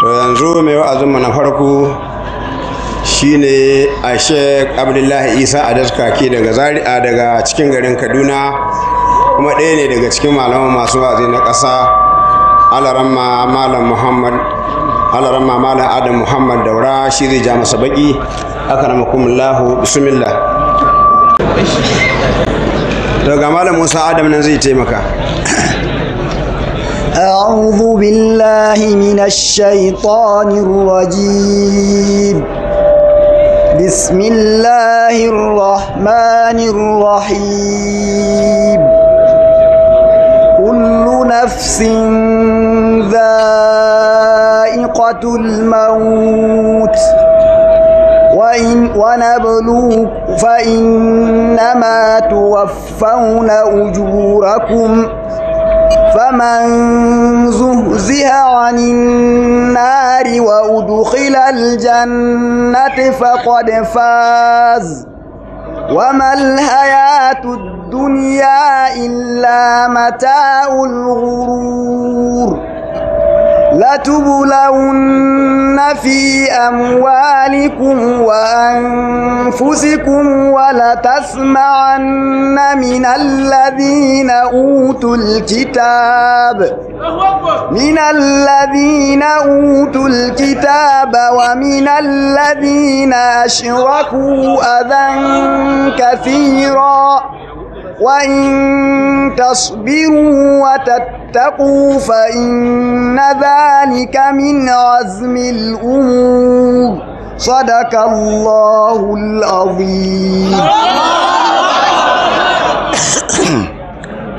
to yanzu mai wa'azinmu na farko shine a shek abdullahi isa a ke daga zari'a daga cikin garin kaduna kuma ɗaya ne daga cikin malaman masu wa'azi na ƙasa alaramma malam muhammad alaramma malam adam muhammad daura shi zai ja masa baki aka nama kumullahu bismillah daga malam musa adam nan zai taimaka أعوذ بالله من الشيطان الرجيم بسم الله الرحمن الرحيم كل نفس ذائقة الموت وإن ونبلوك فإنما توفون أجوركم فمن زهزها عن النار وأدخل الجنة فقد فاز وما الحياة الدنيا إلا متاع الغرور لتبلون في أموالكم وأنفسكم ولتسمعن من الذين أوتوا الكتاب من الذين أوتوا الكتاب ومن الذين أشركوا أذى كثيرا وإن تصبروا وتتقوا فإن ذلك من عزم الأمور صدق الله العظيم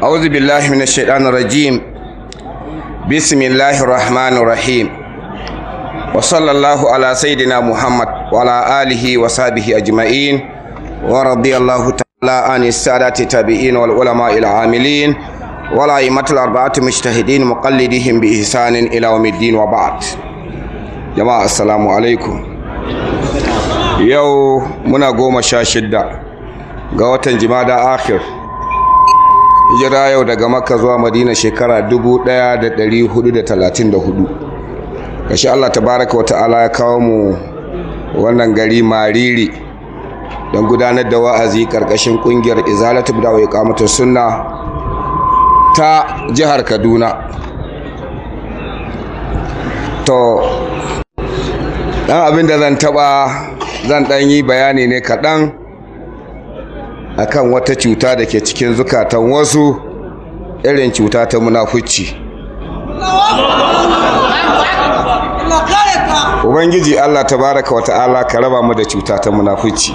أعوذ بالله من الشيطان الرجيم بسم الله الرحمن الرحيم وصلى الله على سيدنا محمد وعلى آله وصحبه أجمعين ورضي الله تعالى لا عن السادة التابعين والعلماء العاملين ولا أئمة الأربعة مجتهدين مقلدهم بإحسان إلى يوم الدين وبعد جماعة السلام عليكم يو منا قوم شاشدة قوة جمادة آخر hijira yau daga makka zuwa madina shekara 1434 gashi allah tabaraka wa ta'ala ya kawo mu wannan gari mariri don gudanar da wa'azi ƙarƙashin ƙungiyar izalatu da wai sunna ta jihar kaduna to ɗan abin da zan taba zan ɗan yi bayani ne kaɗan akan wata cuta da ke cikin zukatan wasu irin cuta ta munafuci ubangiji allah ta baraka wa ta'ala ka raba mu da cuta ta munafici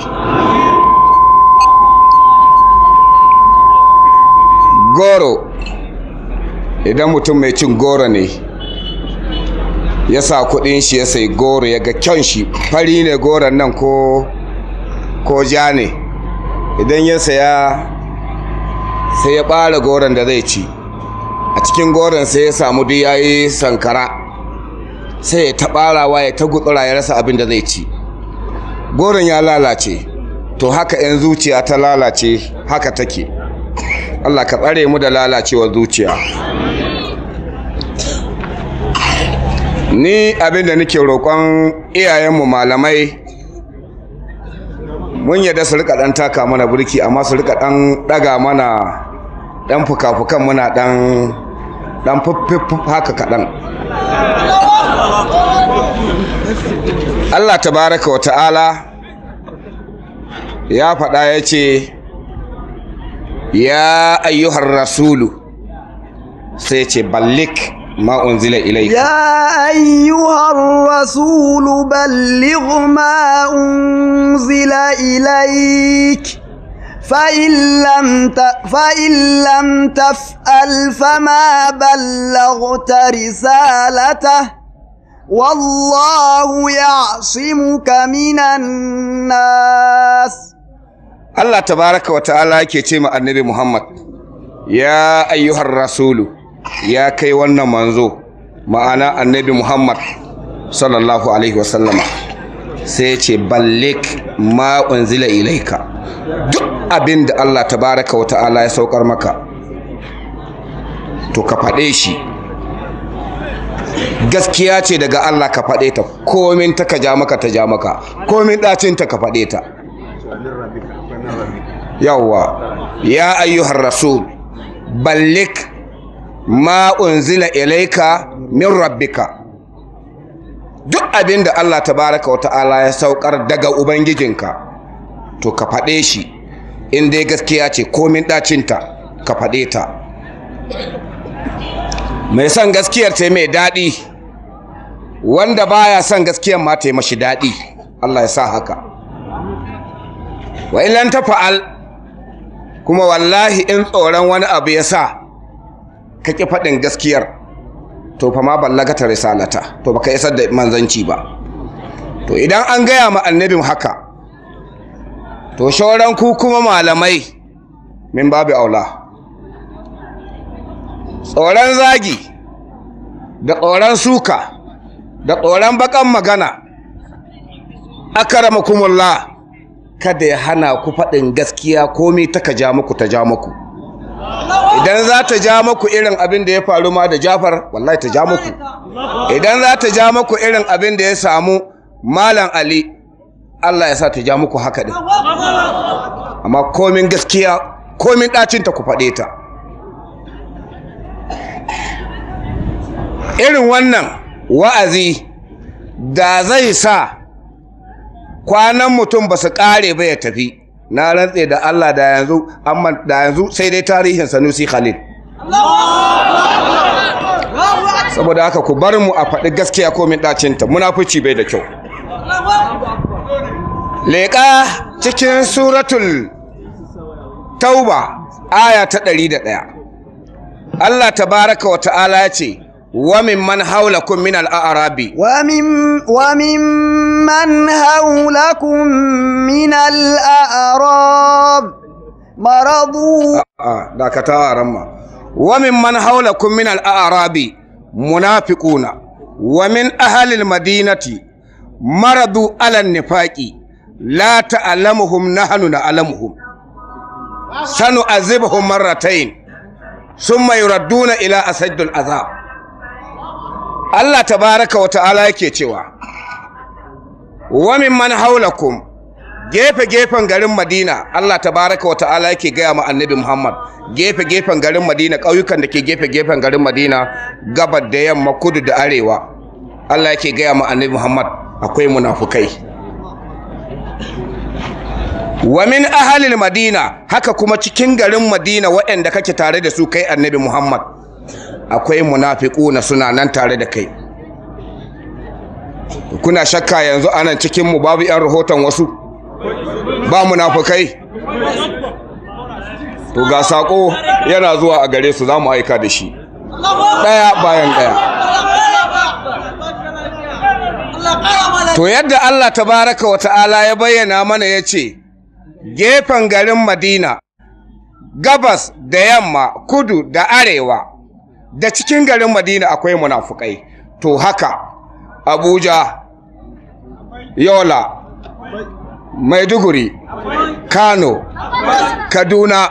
goro idan mutum mai cin goro ne ya sa kudin shi ya sai goro ya ga kyan shi fari ne goron nan ko ko ja ne idan ya saya sai ya bara goron da zai ci a cikin goron sai ya samu duk yayi sankara sai ya taɓarawa ya ta gutsura ya rasa abin da zai ci goron ya lalace to haka yan zuciya ta lalace haka take Allah ka tsare mu da lalacewar zuciya ni abin da nake roƙon iyayenmu malamai mun yadda su rika ɗan taka mana burki amma su rika ɗan ɗaga mana ɗan fuka-fukan muna ɗan dan fuffuff haka kaɗan Allah tabaraka wa ta'ala ya faɗa ya ce ya ayyuhar rasulu sai ce ballik ما أنزل إليك يا أيها الرسول بلغ ما أنزل إليك فإن لم فإن لم تفعل فما بلغت رسالته والله يعصمك من الناس الله تبارك وتعالى yake ce ma annabi Muhammad ya ayyuhar rasulu ya kai wannan manzo ma'ana annabi Muhammad sallallahu alaihi sai ya ce ballik ma unzila ilaika duk abin da Allah baraka wa ta'ala ya saukar maka to ka faɗe shi gaskiya ce daga Allah ka faɗe ta komin ta ka ja maka ta ja maka komin ɗacin ka faɗe ta yawwa ya ayyuhar rasul ballik ma unzila ilaika min rabbika duk abin da Allah tabaraka wa ta'ala ya saukar daga ubangijinka to ka faɗe shi in dai gaskiya ce komin ɗacinta ka faɗe ta mai son gaskiyar ta mai daɗi wanda baya son gaskiyar ma ta yi mashi daɗi Allah ya sa haka wa ilan ta fa'al kuma wallahi in tsoron wani abu ya sa ka ƙi faɗin gaskiyar to fa ma ta risalata to baka isar da manzanci ba to idan an gaya ma annabin haka to shauran ku kuma malamai min babu aula tsoron zagi da tsoron suka da tsoron bakan magana akaramakumullah kada ya hana ku faɗin gaskiya komai ta ka ja muku ta ja muku idan za ta ja maku irin abin da ya faru ma da jafar wallahi ta ja maku idan za ta ja maku irin abin da ya samu malam ali allah ya sa ta ja maku haka din amma komin gaskiya komin ta ku faɗe ta irin wannan wa'azi da zai sa kwanan mutum ba su ƙare ba ya tafi na rantse da Allah da yanzu amma da yanzu sai dai tarihin Sanusi Khalil saboda haka ku bar mu a faɗi gaskiya ko min ɗacinta munafici bai da kyau leƙa cikin suratul tauba aya ta ɗari da ɗaya. Allah tabaraka wa ta'ala ya ce وممن حولكم من الأعراب ومن وممن حولكم من الأعراب مرضوا آه دا كتا رما وممن حولكم من الأعراب منافقون ومن أهل المدينة مرضوا على النفاق لا تعلمهم نحن نعلمهم سنعذبهم مرتين ثم يردون إلى أسد العذاب Allah tabaraka wa ta'ala yake cewa wa mimman haulakum gefe gefen garin Madina Allah tabaraka wa ta'ala yake gaya ma Annabi Muhammad gefe gefen garin Madina ƙauyukan da ke gefe gefen garin Madina gabar da yamma kudu da arewa Allah yake gaya ma Annabi Muhammad akwai munafukai wa min ahalin madina haka kuma cikin garin madina waɗanda kake tare da su kai annabi muhammad akwai munafiquna suna nan tare da kai kuna shakka yanzu anan cikin mu babu yan rahoton wasu ba munafukai to ga sako yana zuwa a gare su zamu aika da shi daya bayan daya to yadda Allah tabaraka wa ta'ala ya bayyana mana ya ce gefen garin Madina gabas da yamma kudu da arewa da cikin garin madina akwai munafukai to haka abuja yola maiduguri kano kaduna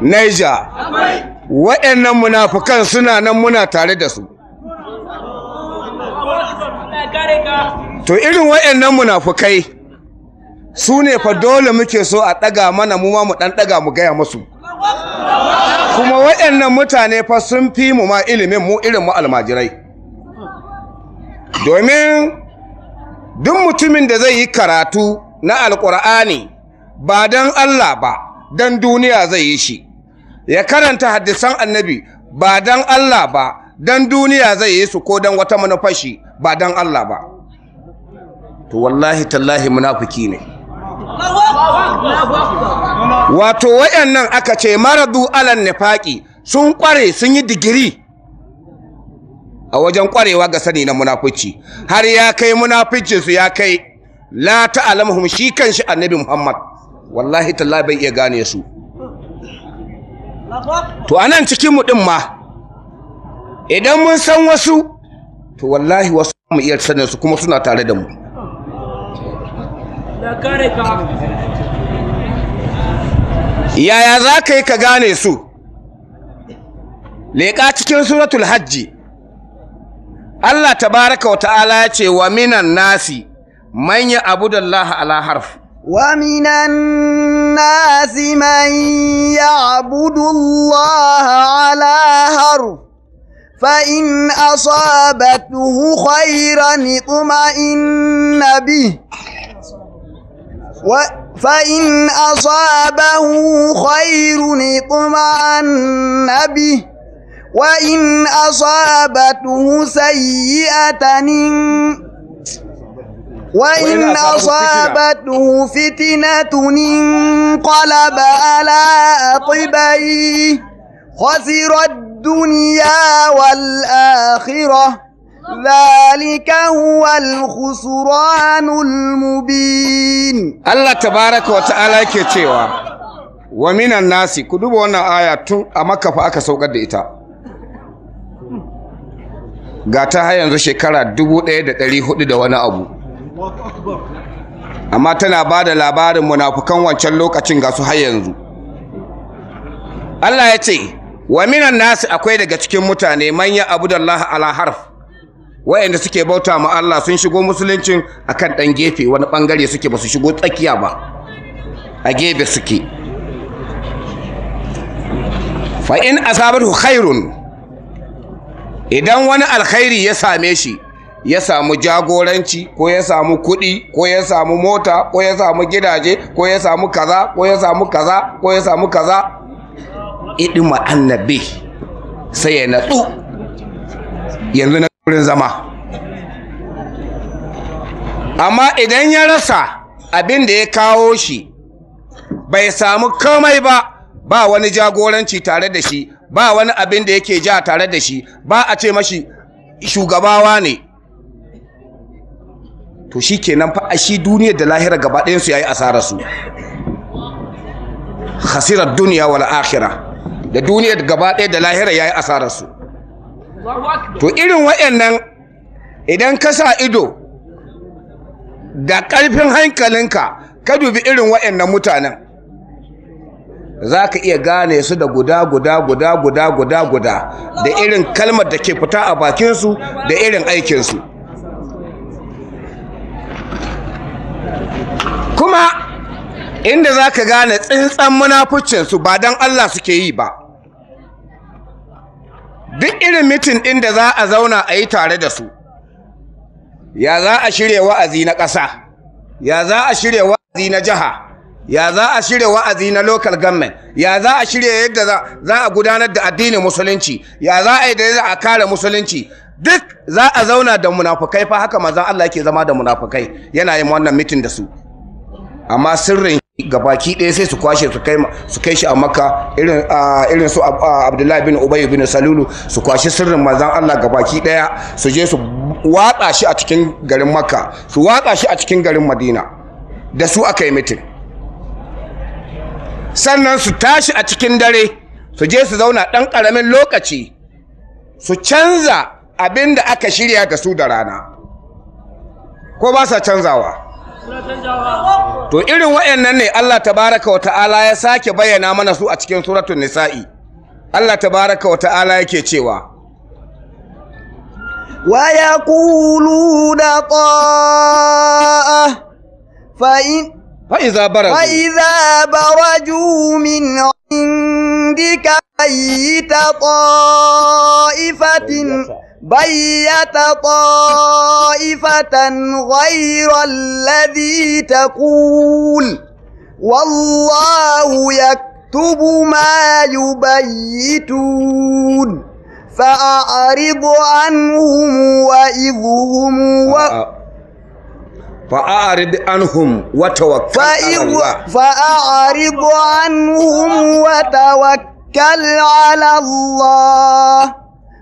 Naija, waɗannan munafukan suna nan muna tare da su to irin waɗannan munafukai su ne fa dole muke so a ɗaga mana mu ma mu ɗan ɗaga mu gaya musu kuma waɗannan mutane fa sun fi mu ma ilimin mu irin mu almajirai domin duk mutumin da zai yi karatu na alƙur'ani ba don Allah ba don duniya zai yi shi ya karanta haddisan annabi ba don Allah ba don duniya zai yi su ko don wata manufashi ba don Allah ba to wallahi tallahi munafiki ne wato wayannan aka ce maradu alan nifaki sun kware sun yi digiri a wajen kwarewa ga sani na munafici har ya kai munaficin ya kai la ta'lamuhum shi kanshi annabi Muhammad wallahi tallahi bai iya gane su to anan cikin mu din ma idan mun san wasu to wallahi wasu mu iya sanin su kuma suna tare da mu yaya za ka yi ka gane su leƙa cikin suratul hajji Allah tabaraka wa ta'ala ya ce wa minan nasi man ya abudallaha ala harf nasi man ya abudullaha ala فإن أصابته خيرا اطمئن به فإن أصابه خير اطمأن به وإن أصابته سيئة وإن أصابته فتنة انقلب على عقبيه خسر الدنيا والآخرة ذلك هو الخسران المبين الله تبارك وتعالى كتوى ومن الناس كدوب وانا آية تون أمكا فأكا سوقت دئتا gata har yanzu shekara 1400 da wani abu amma tana ba da labarin munafukan wancan lokacin ga su har yanzu Allah ya ce wa minan nasi akwai daga cikin mutane man ya abu da wayanda suke bauta ma Allah sun shigo musuluncin akan dan gefe wani bangare suke ba su shigo tsakiya ba a gefe suke fa in asabatu khairun idan wani alkhairi ya same shi ya samu jagoranci ko ya samu kuɗi ko ya samu mota ko ya samu gidaje ko ya samu kaza ko ya samu kaza ko ya samu kaza idima annabi sai ya natsu yanzu wurin zama amma idan ya rasa abin da ya kawo shi bai samu komai ba ba wani jagoranci tare da shi ba wani abin da yake ja tare da shi ba a ce mashi shugabawa ne to shi kenan fa a shi duniyar da lahira gaba ɗayansu ya yi asararsu hasirar duniya wal akhira da duniyar gaba ɗaya da lahira ya yi asararsu to irin waɗannan idan ka sa ido da ƙarfin hankalinka ka dubi irin wayannan mutanen za ka iya gane su da guda guda guda guda guda guda da irin kalmar da ke fita a bakinsu da irin aikinsu kuma inda za ka gane tsintsan munafucinsu ba don Allah suke yi ba duk irin mitin ɗin da za a zauna a yi tare da su ya za a shirya wa'azi na ƙasa ya za a shirya wa'azi na jiha ya za a shirya wa'azi na local government ya za a shirya yadda za a gudanar da addinin musulunci ya za a yi da a kare musulunci duk za a zauna da munafukai fa haka manzon Allah yake zama da munafukai yana yin wannan mitin da su amma sirrin gabaki ɗaya sai su kwashe su kai shi a makka irin su abdullahi bin ubayu bin salulu su kwashe sirrin manzan allah gabaki ɗaya su je su watsa shi a cikin garin makka su watsa shi a cikin garin madina da su aka yi mitin sannan su tashi a cikin dare su je su zauna ɗan ƙaramin lokaci su canza abin da aka shirya da su da rana ko ba sa canzawa to irin waɗannan ne Allah tabaraka wa ta'ala ya sake bayyana mana su a cikin suratun nisa'i Allah tabaraka wa ta'ala yake cewa wa yaquluna ta'a fa in fa idza baraju fa baraju min indika ayta ta'ifatin بيت طائفة غير الذي تقول والله يكتب ما يبيتون فأعرض عنهم وإذهم و... فأعرض عنهم وتوكل على الله فأعرض عنهم وتوكل على الله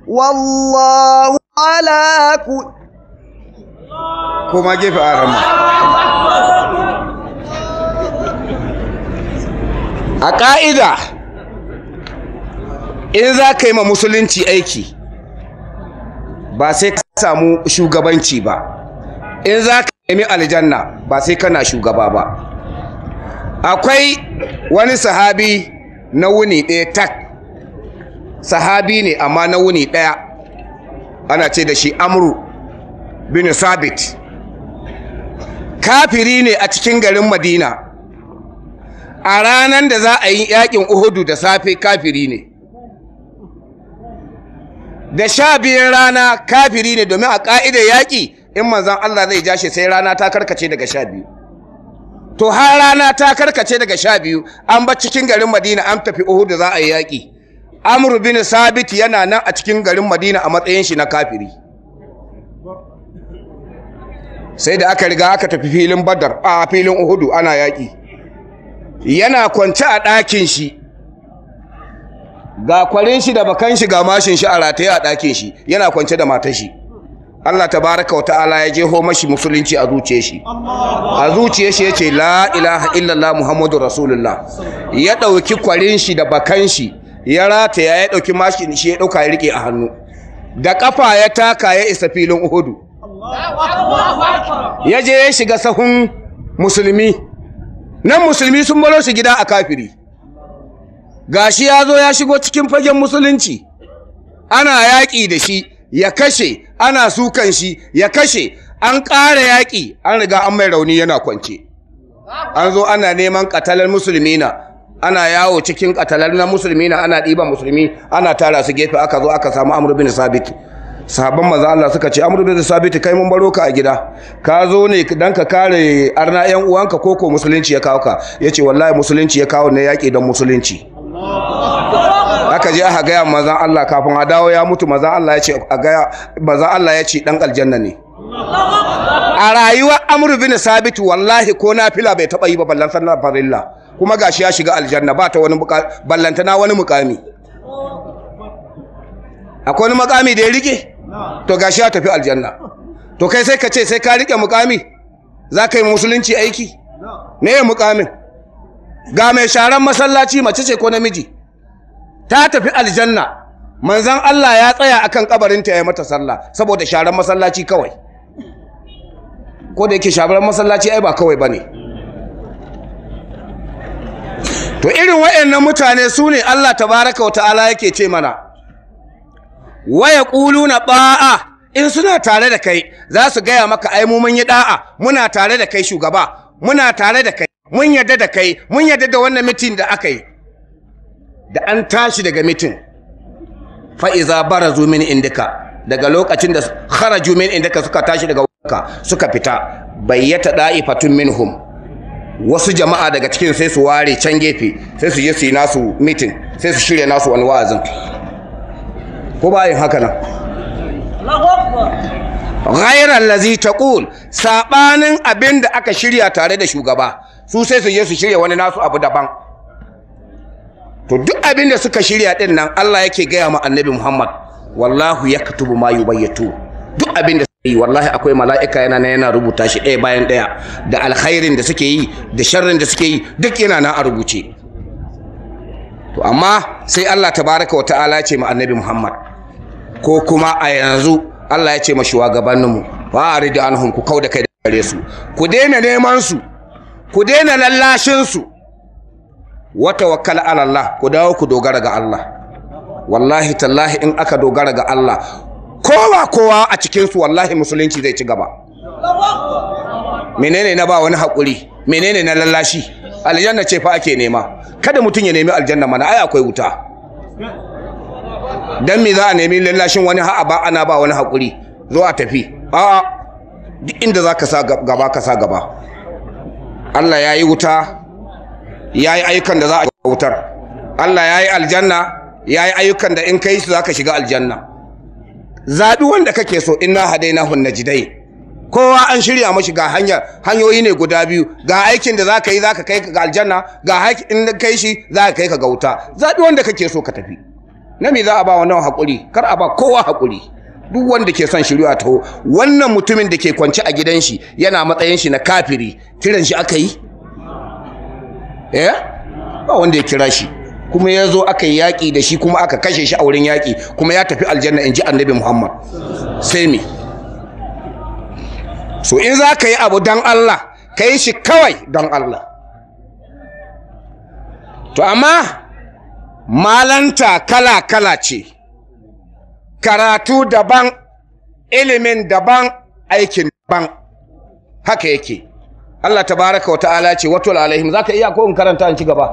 wallahu ala ku kuma gefe a a ƙa'ida in za ka yi ma musulunci aiki ba sai ka samu shugabanci ba in za ka nemi aljanna ba sai kana shugaba ba akwai wani sahabi na wuni ɗaya tak sahabi ne amma na wuni ɗaya ana ce da shi amru bin sabit kafiri ne a cikin garin madina a ranar da za a yi yakin uhudu da safe kafiri ne da sha biyun rana kafiri ne domin a ƙa'idar yaƙi in manzan Allah zai ja shi sai rana ta karkace daga sha biyu to har rana ta karkace daga sha biyu an ba cikin garin madina an tafi uhudu za a yi yaƙi amru bin sabit yana nan a cikin garin madina a matsayin shi na kafiri sai da aka riga aka tafi filin badar a filin Uhud ana yaki. yana kwance a ɗakin shi ga kwarin shi da bakan shi ga mashin shi a rataye a ɗakin shi yana kwance da matar shi Allah tabaraka wa ta'ala ya jeho mashi musulunci a zuciye shi a zuciye shi yace la ilaha illallah muhammadu rasulullah ya ɗauki kwarin shi da bakan shi ya rata, ya ɗauki mashin shi ya ɗauka ya riƙe a hannu da ƙafa ya taka ya isa filin uhudu ya je ya shiga sahun musulmi nan musulmi sun baro shi gida a kafiri gashi ya zo ya shigo cikin fagen musulunci ana yaƙi da shi ya kashe ana sukan shi ya kashe an ƙara yaƙi an riga an mai rauni yana kwance an zo ana neman ƙatalar na. ana yawo cikin katalar na musulmi na ana ɗiban musulmi ana tara su gefe aka zo aka samu amur bin sabit sahabban maza Allah suka ce amur bin sabit kai mun baro ka a gida ka zo ne dan ka kare arna yan uwanka ko musulunci ya kawo ka yace wallahi musulunci ya kawo ne yaƙi don musulunci aka je aka gaya mazan Allah kafin a dawo ya mutu maza Allah ya ce a gaya Allah ya ce dan aljanna ne a rayuwar amur bin sabit wallahi ko nafila bai taba yi ba ballan sannan farilla kuma gashi ya shiga aljanna ba ta wani ballantana wani mukami akwai wani mukami da ya rike to gashi ya tafi aljanna to kai sai ka ce sai ka rike mukami za ka yi musulunci aiki me ya mukamin ga mai sharan masallaci mace ce ko namiji ta tafi aljanna manzan Allah ya tsaya akan kabarinta ya mata sallah saboda sharan masallaci kawai ko da yake sharan masallaci ai ba kawai bane to irin waɗannan mutane su ne Allah tabaraka wata'ala yake ce mana waya na ba'a in suna tare da kai za su gaya maka ai mu mun yi da'a muna tare da kai shugaba muna tare da kai mun yarda da kai mun yarda da wannan mitin da aka yi da an tashi daga mitin fa'iza barazu min indika daga lokacin da kharaju min indika suka tashi daga wuka suka fita bayyata da'ifatun minhum wasu jama'a daga cikin sai su ware can gefe sai su yi nasu mitin sai su shirya nasu wani wa'azin ko bayan haka nan ghairar lazi taqul sabanin abin da aka shirya tare da shugaba su sai su yi su shirya wani nasu abu daban to duk abin da suka shirya din nan Allah yake gaya ma annabi Muhammad wallahu yaktubu ma yubayyatu duk abin da Eh, wallahi akwai mala'ika yana na yana rubuta shi ɗaya bayan ɗaya da alkhairin da suke yi da sharrin da suke yi duk yana na a rubuce to amma sai Allah tabaraka wa ta'ala ya ce ma annabi Muhammad ko kuma a yanzu Allah ya ce ma shugabanninmu wa aridu anhum ku kauda kai da gare su ku daina neman su ku daina lallashinsu, wata wa tawakkal Allah ku dawo ku dogara ga Allah wallahi tallahi in aka dogara ga Allah kowa kowa a cikinsu wallahi musulunci zai ci gaba menene na ba wani haƙuri menene na lallashi aljanna ce fa ake nema kada mutum ya nemi aljanna mana ai akwai wuta dan me za a nemi lallashin wani ha'a ba ana ba wani haƙuri zo a tafi a'a duk inda za ka sa gaba ka sa gaba Allah ya yi wuta ya yi ayyukan da za a wutar Allah ya yi aljanna ya yi ayyukan da in kai su za ka shiga aljanna zaɓi wanda kake so in na na ji najidai kowa an shirya mashi ga hanyar hanyoyi ne guda biyu ga aikin da zaka yi zaka kai ka ga aljanna ga in kai shi zaka kai ka ga wuta zaɓi wanda kake so ka tafi na me za a ba wannan haƙuri kar a ba kowa haƙuri duk wanda ke son a taho wannan mutumin da ke kwance a gidan shi yana matsayin shi na kafiri kiran shi aka yi eh ba wanda ya kira shi kuma ya zo aka yi yaƙi da shi kuma aka kashe shi a wurin yaƙi kuma ya tafi aljanna in ji annabi muhammad sai me so in za ka yi abu don allah ka yi shi kawai don allah to amma malanta kala-kala ce karatu daban ilimin daban aikin daban haka yake Allah tabaraka wa ta'ala ce watul alaihim zaka iya ko in karanta in ci gaba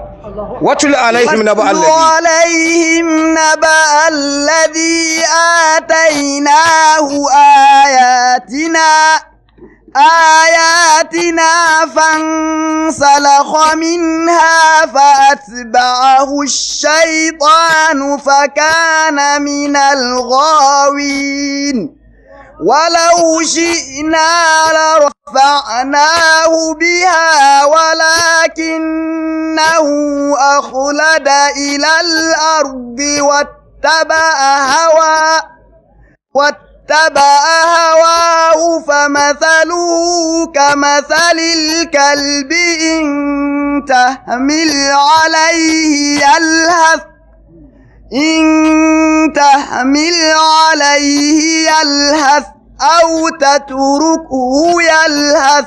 watul alaihim naba alladhi watul alaihim naba alladhi atainahu ayatina آياتنا فانسلخ منها فأتبعه الشيطان فكان من الغاوين ولو شئنا لرفعناه بها ولكنه أخلد إلى الأرض واتبع هوى واتبع هواه فمثله كمثل الكلب إن تهمل عليه يلهث إن تحمل عليه يلهث أو تتركه يلهث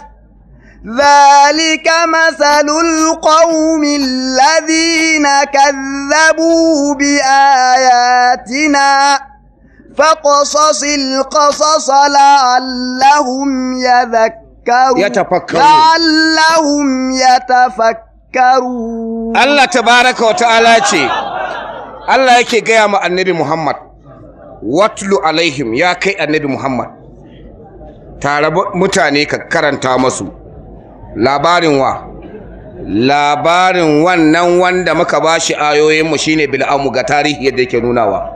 ذلك مثل القوم الذين كذبوا بآياتنا فقصص القصص لعلهم يذكرون يتفكرون لعلهم يتفكرون الله تبارك وتعالى Allah yake gaya ma annabi Muhammad watlu alaihim ya kai annabi Muhammad tare mutane ka karanta masu labarin wa labarin wannan wanda muka bashi ayoyinmu shine bil'amu ga tarihi yadda yake nunawa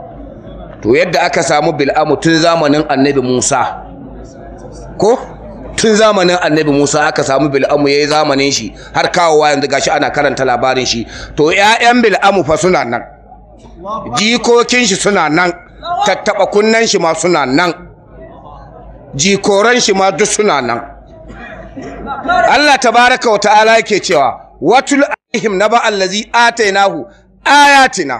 to yadda aka samu bil'amu tun zamanin annabi Musa ko tun zamanin annabi Musa aka samu bil'amu yayi zamanin shi har kawowa yanzu gashi ana karanta labarin shi to 'ya'yan bil'amu fa suna nan jikokin shi suna nan tattaba kunnen shi ma suna nan jikoran shi ma duk suna nan Allah tabaraka wa ta'ala yake cewa watul alaihim naba allazi atainahu ayatina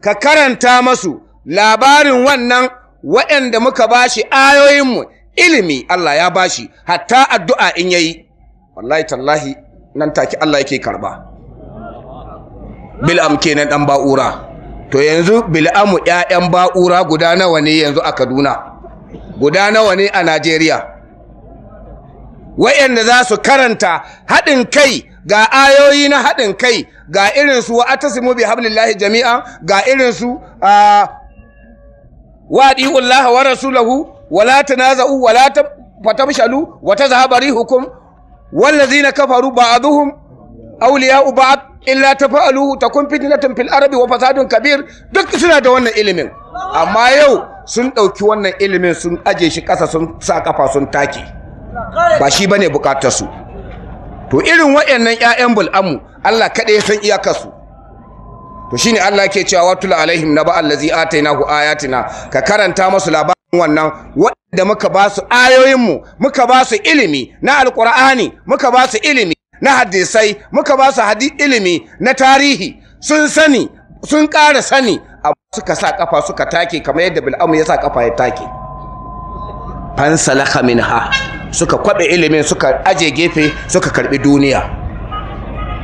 ka karanta masu labarin wannan waɗanda muka bashi ayoyinmu ilimi Allah ya bashi hatta addu'a in yayi wallahi tallahi nan take Allah yake karba bil amke na dan ba'ura to yanzu bil'amu ƴaƴan ba'ura guda nawa ne yanzu a Kaduna guda nawa ne a Najeriya wayanda za su karanta haɗin kai ga ayoyi na haɗin kai ga irin su atasimu bi hablillahi jami'a ga irin su wadi'ullahi wa rasulahu wala tanaza'u wala fatamshalu wa tazhabari hukum wallazina kafaru ba'dhum awliya'u ba'd illa tafa'aluhu takun fitnatun fil arabi wa fasadun kabir duk suna da wannan ilimin amma yau sun dauki wannan ilimin sun aje shi kasa sun sa kafa sun take ba shi bane bukatar su to irin wayannan ƴaƴan bul'amu Allah kada ya san iyakar su to shine Allah yake cewa watul alaihim naba allazi atainahu ayatina ka karanta musu labarin wannan wanda muka ba su mu muka ba su ilimi na alqur'ani muka ba su ilimi na hadisai muka ba su hadi ilimi na tarihi sun sani sun ƙara sani a suka sa kafa suka take kamar yadda bil'amu ya sa kafa ya take fansalaka minha suka kwabe ilimin suka aje gefe suka karɓi duniya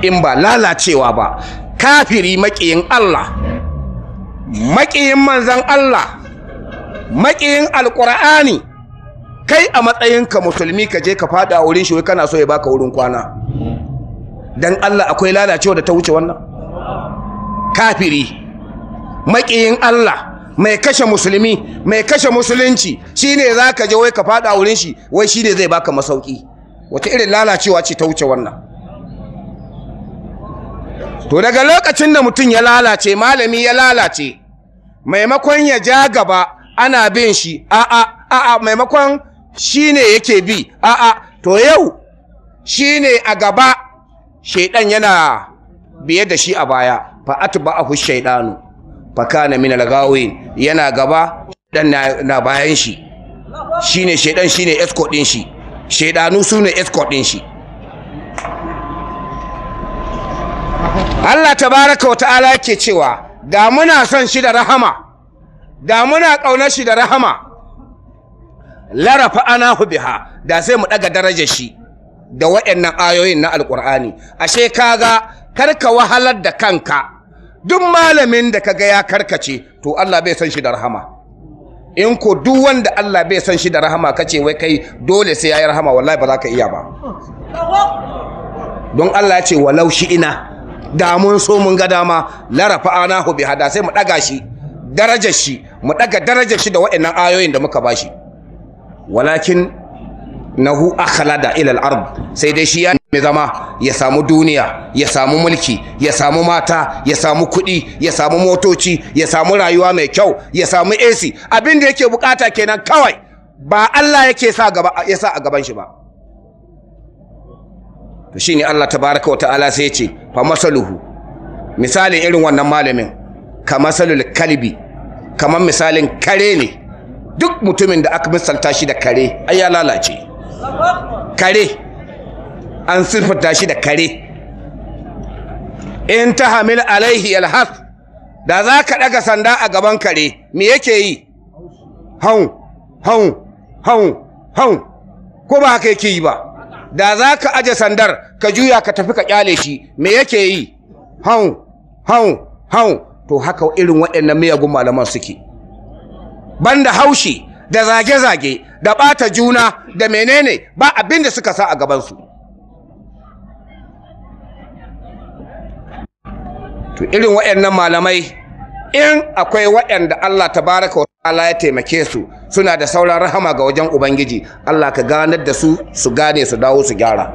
in ba lalacewa ba kafiri makiyin Allah makiyin manzan Allah makiyin alkur'ani kai a matsayinka musulmi ka je ka fada a wurin shi kana so ya baka wurin kwana dan Allah akwai lalacewa da ta wuce wannan kafiri maƙiyin Allah mai kashe musulmi mai kashe musulunci shine zaka je wai ka fada wurin shi wai shine zai baka masauki wata irin lalacewa ce ta wuce wannan to daga lokacin da mutum ya lalace malami ya lalace maimakon ya ja gaba ana bin shi a'a a'a maimakon shine yake bi a'a to yau shi ne a gaba shaidan yana biye da shi a baya fa atba'ahu shaidanu fa kana min al-ghawin yana gaba dan na bayan shi shine shaidan shine escort din shi shaidanu sune escort din shi Allah tabaraka wa ta'ala yake cewa da muna son shi da rahama da muna kaunar shi da rahama larafa anahu biha da sai mu daga darajar shi da waɗannan ayoyin na Alƙur'ani. ashe kaga karka wahalar da kanka duk malamin da kaga ya karkace to Allah bai san shi da rahama in ko duk wanda Allah bai san shi da rahama kace wai kai dole sai yayi rahama wallahi ba za ka iya ba don Allah ya ce walau shi ina da mun so mun ga dama larafa anahu bi hada sai mu daga shi darajar shi mu daga darajar shi da waɗannan ayoyin da muka bashi walakin nahu akhlada ila al-ard sai dai shi ya nemi zama ya samu duniya ya samu mulki ya samu mata ya samu kuɗi ya samu motoci ya samu rayuwa mai kyau ya samu AC abin da yake bukata kenan kawai ba Allah yake sa gaba ya sa a gaban shi ba to shine Allah tabaraka wa ta'ala sai ya ce fa masaluhu misalin irin wannan malamin ka masalul kalbi kamar misalin kare ne duk mutumin da aka misalta shi da kare ai ya lalace kare an siffata shi da kare in ta hamil alaihi alhas da za ka ɗaga sanda a gaban kare me yake yi hau hau hau hau ko ba haka yake yi ba da za ka aje sandar ka juya ka tafi ka kyale shi me yake yi hau hau hau to haka irin waɗannan miyagun malaman suke banda haushi da zage-zage da ɓata juna da menene ba abin suka sa a gabansu to irin waɗannan malamai in akwai waɗanda Allah baraka wa ta'ala ya taimake su suna da sauran rahama ga wajen ubangiji Allah ka ganar da su su gane su dawo su gyara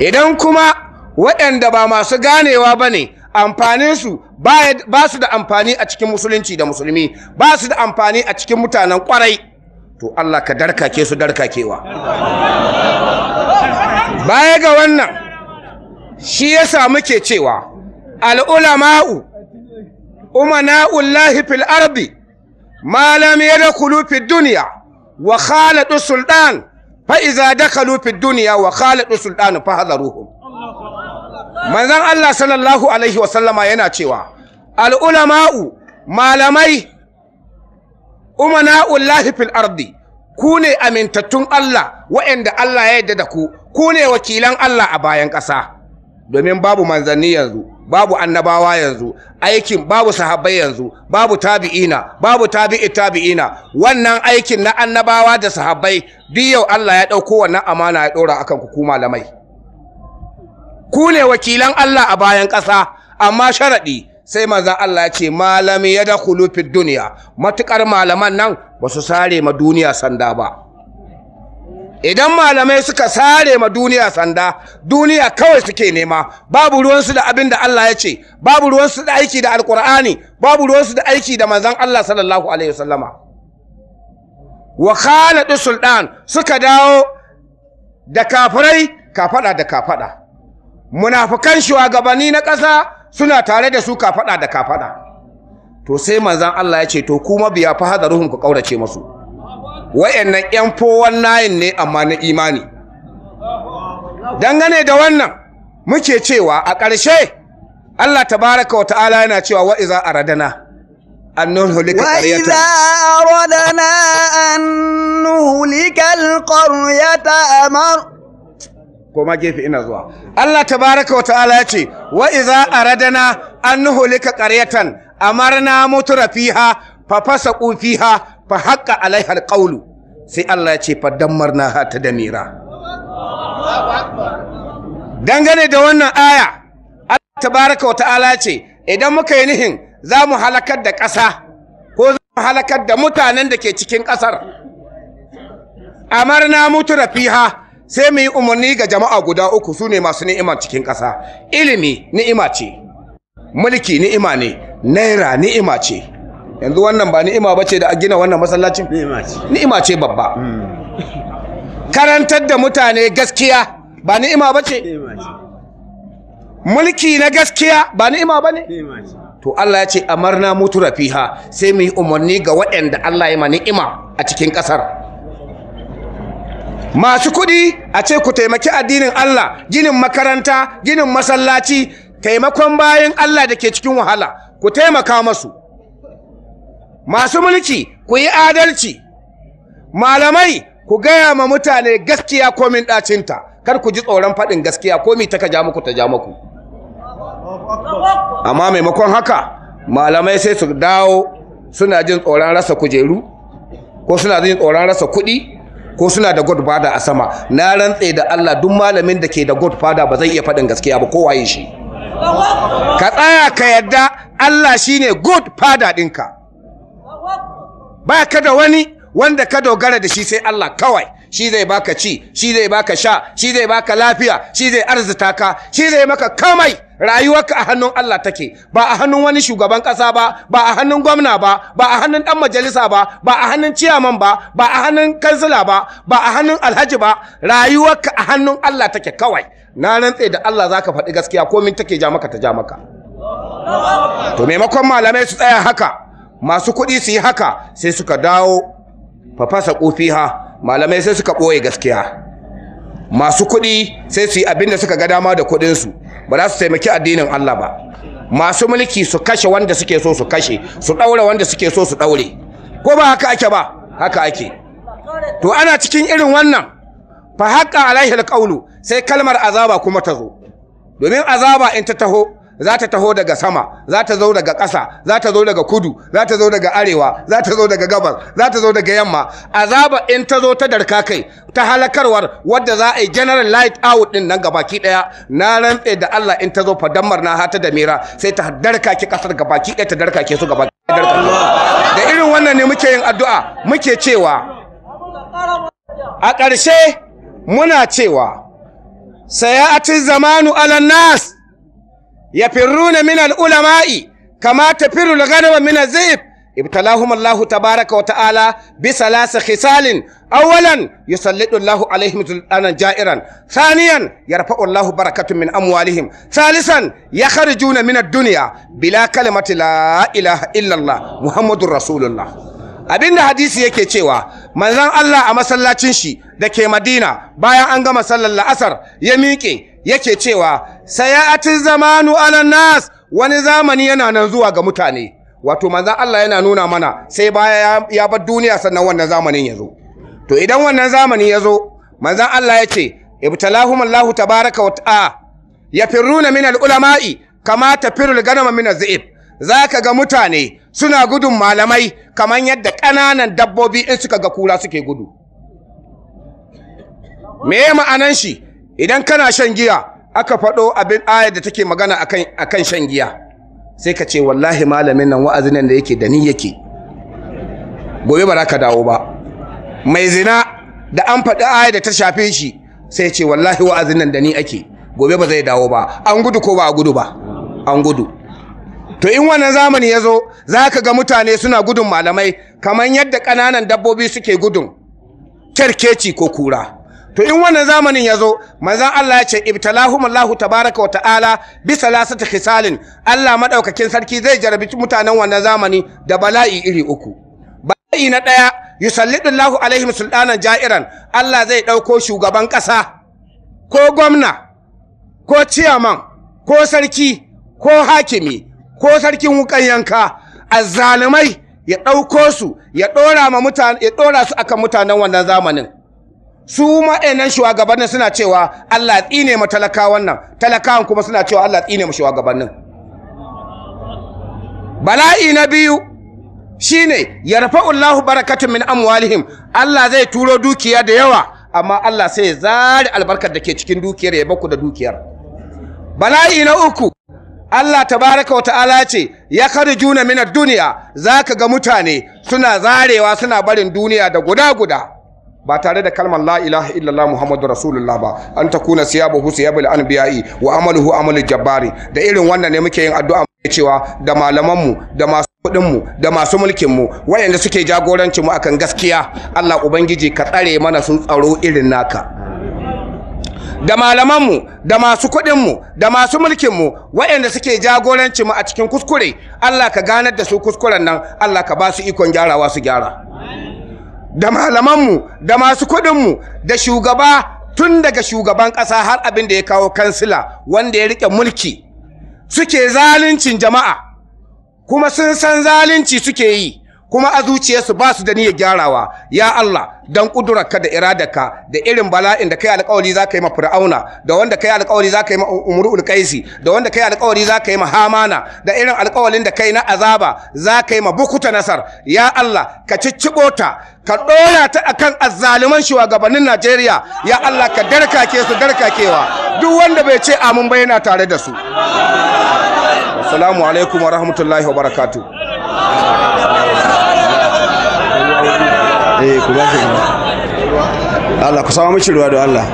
idan kuma waɗanda ba masu ganewa ba ne amfaninsu ba su da amfani a cikin musulunci da musulmi ba su da amfani a cikin mutanen kwarai to Allah ka darkake su darkakewa baya ga wannan shi yasa muke cewa al'ulama'u umana'ullahi fil ardi ma lam yadkhulu fid duniya, wa khalatu sultan fa idza dakhalu fid wa khalatu sultan fa hadaruhum manzon Allah sallallahu alaihi wasallama yana cewa al'ulama'u malamai umana'ullahi fil ardi ku ne amintattun Allah waɗanda Allah ya yarda da ku ku ne wakilan Allah a bayan ƙasa domin babu manzanni yanzu babu annabawa yanzu aikin babu sahabbai yanzu babu tabi'ina babu tabi'i tabi'ina wannan aikin na annabawa da sahabbai biyu yau Allah ya ɗauko wannan amana ya ɗora akan ku ku malamai ku ne wakilan Allah a bayan ƙasa amma sharaɗi sai maza Allah ya ce malami ya da kulufin duniya matuƙar malaman nan ba su sare ma duniya sanda ba idan malamai suka sare ma duniya sanda duniya kawai suke nema babu ruwansu da abin da Allah ya ce babu ruwansu da aiki da alkur'ani babu ruwansu da aiki da mazan Allah sallallahu alaihi wasallama wa sultan suka dawo da kafirai kafada da kafada munafukan shugabanni na ƙasa suna tare da su kafaɗa da kafaɗa to sai manzan Allah ya ce to kuma biya fa hadaruhum ku kaurace musu wayannan yan fowan nayin ne amma na imani dangane da wannan muke cewa a ƙarshe Allah tabaraka wa ta'ala yana cewa wa iza aradana وإذا أردنا أن نهلك القرية أمر koma gefe ina zuwa Allah tabaraka wa ta'ala ya ce wa iza aradana an nuhlika qaryatan amarna mutura fiha fa fasaqu fiha fa haqqa alaiha alqawlu sai Allah ya ce fa dammarna ha ta damira dangane da wannan aya Allah tabaraka wa ta'ala ya ce idan muka yi nihin za mu halakar da ƙasa ko za mu halakar da mutanen da ke cikin ƙasar amarna mutura fiha sai mu yi umarni ga jama'a guda uku su ne masu ni'ima cikin ƙasa ilimi ni'ima ce mulki ni'ima ne naira ni'ima ce yanzu wannan ba ni'ima ba ce da a gina wannan masallacin ni'ima ce babba karantar da mutane gaskiya ba ni'ima ba ce mulki na gaskiya ba ni'ima ba ne to Allah ya ce amarna mutu rafiha sai mu yi umarni ga waɗanda Allah ya ma ni'ima a cikin ƙasar masu kuɗi a ce ku taimaki addinin Allah ginin makaranta ginin masallaci taimakon bayan Allah da ke cikin wahala ku taimaka masu masu mulki ku yi adalci malamai ku gaya ma mutane gaskiya komin ɗacinta kar ku ji tsoron faɗin gaskiya komi ta ka ja muku ta ja muku amma maimakon haka malamai sai su dawo suna jin tsoron rasa kujeru ko suna jin tsoron rasa kuɗi ko suna da godfather a sama na rantse da Allah duk malamin da ke da godfather ba zai iya faɗin gaskiya ba ko waye shi ka tsaya ka yadda Allah shine godfather ɗinka ba ka da wani wanda ka dogara da shi sai Allah kawai shi zai baka ci shi zai baka sha shi zai baka lafiya shi zai arzuta ka shi zai maka kamai rayuwarka a hannun Allah take ba a hannun wani shugaban ƙasa ba ba a hannun gwamna ba ba a hannun ɗan majalisa ba ba a hannun ciyaman ba ba a hannun kansila ba ba a hannun alhaji ba rayuwarka a hannun Allah take kawai na rantse da Allah zaka faɗi gaskiya komin take ja maka ta ja maka to maimakon malamai su tsaya haka masu kuɗi su yi haka sai suka dawo fafasa ha. malamai sai suka ɓoye gaskiya masu kuɗi sai su yi abin da suka ga dama da kuɗinsu ba za su taimaki addinin Allah ba masu mulki su kashe wanda suke so su kashe su ɗaure wanda suke so su ɗaure ko ba haka ake ba haka ake to ana cikin irin wannan fa haƙa alaihi alƙaulu sai kalmar azaba kuma ta zo domin azaba in ta taho za ta taho daga sama za ta zo daga ƙasa za ta zo daga kudu za ta zo daga arewa za ta zo daga gabas za ta zo daga yamma azaba in ta zo ta darka kai ta halakarwar wadda za a yi general light out din nan gabaki daya na rantse da Allah in ta zo fa dammar na hata da mera sai ta darka ki kasar gabaki daya ta darka ke su gabaki da irin wannan ne muke yin addu'a muke cewa a ƙarshe muna cewa sayatu zamanu alannas nas ya firruna minal ulama'i kama ta firrul ganawa minal zaif ibtalahum Allahu tabaraka wa ta'ala bi salasa khisalin awwalan yusallitu Allahu alaihim zulana ja'iran thaniyan yarfa'u Allahu barakatu min amwalihim thalisan yakhrijuna min ad-dunya bila kalimati la ilaha illa Allah muhammadur rasulullah abinda hadisi yake cewa manzon Allah a masallacin shi da ke Madina bayan an gama sallar la'asar ya miƙe yake cewa tun zamanu ala nas wani zamani yana nan zuwa ga mutane wato manzan Allah yana nuna mana sai baya ya bar duniya sannan wannan zamanin ya zo to idan wannan zamani ya zo manzan Allah ya ce ibtalahum Allah tabaraka wa ta'a yafirruna min ulama'i kama tafirul ganama min az-za'ib zaka ga mutane suna gudun malamai kaman yadda ƙananan dabbobi in suka ga kura suke gudu me ma'anan shi idan kana shan giya aka faɗo abin ayar da take magana akan shan giya sai ka ce wallahi malamin nan wa'azin nan da yake da ni yake gobe ba za ka dawo ba mai zina da an faɗi ayar da ta shafe shi sai ce wallahi wa'azin nan da ni ake gobe ba zai dawo ba an gudu ko ba a gudu ba an gudu to in wannan zamani ya zo za ka ga mutane suna gudun malamai kamar yadda ƙananan dabbobi suke gudun kerkeci ko kura to in wannan zamanin ya zo manzan Allah ya ce ibtalahum Allah tabaraka wa ta'ala bi salasati khisalin Allah madaukakin sarki zai jarabi mutanen wannan zamani da bala'i iri uku bala'i na daya yusallidu Allahu alaihim sultanan ja'iran Allah zai dauko shugaban kasa ko gwamna ko ciyaman ko sarki ko hakimi ko sarkin wukan yanka azzalumai ya dauko su ya dora ma mutane ya dora su akan mutanen wannan zamanin su maɗainan shugabannin suna cewa Allah tsine mu talakawan nan talakawan kuma suna cewa Allah tsine mu shugabannin bala'i na biyu shine yarfa'ullahu barakatun min amwalihim Allah zai turo dukiya da yawa amma Allah sai ya zari albarkar da ke cikin dukiyar ya baku da dukiyar bala'i na uku Allah tabaraka wa ta'ala ce ya juna min ad-dunya zaka ga mutane suna zarewa suna barin duniya da guda guda ba tare da kalmar la ilaha illallah muhammadu rasulullah ba an takuna siyabuhu siyabul anbiya'i wa amaluhu amalu jabbari da irin wannan ne muke yin addu'a cewa da malamanmu da masu kudinmu da masu mulkinmu waɗanda suke jagoranci mu akan gaskiya Allah ubangiji ka tsare mana sun tsaro irin naka da malamanmu da masu kuɗinmu da masu mulkinmu waɗanda suke jagoranci mu a cikin kuskure Allah ka ganar da su kuskuren nan Allah ka ba su ikon gyarawa su gyara da malamanmu da masu kuɗinmu da shugaba tun daga shugaban ƙasa har abin da ya kawo kansila wanda ya riƙe mulki suke zaluncin jama'a kuma sun san zalunci suke yi kuma a zuciyarsu ba su da niyyar gyarawa ya Allah dan kudurarka da iradarka da irin bala'in da kai alƙawari za ka yi ma fir'auna da wanda kai alƙawari za ka yi ma umrul qaisi da wanda kai alƙawari za ka yi ma hamana da irin alƙawarin da kai na azaba za ka yi ma bukuta nasar ya Allah ka ciccibo ta ka ɗora ta a kan azzaluman shugabannin Najeriya ya Allah ka darkake su darkakewa duk wanda bai ce amin ba yana tare da su assalamu alaikum wa rahmatullahi wa barakatu eh, Allah ku samu mishi ruwa da Allah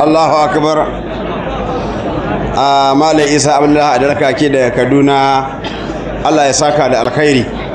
Allahu akbar a ah, Malam Isa Abdullahi Adarka ke da Kaduna Allah ya saka da alkhairi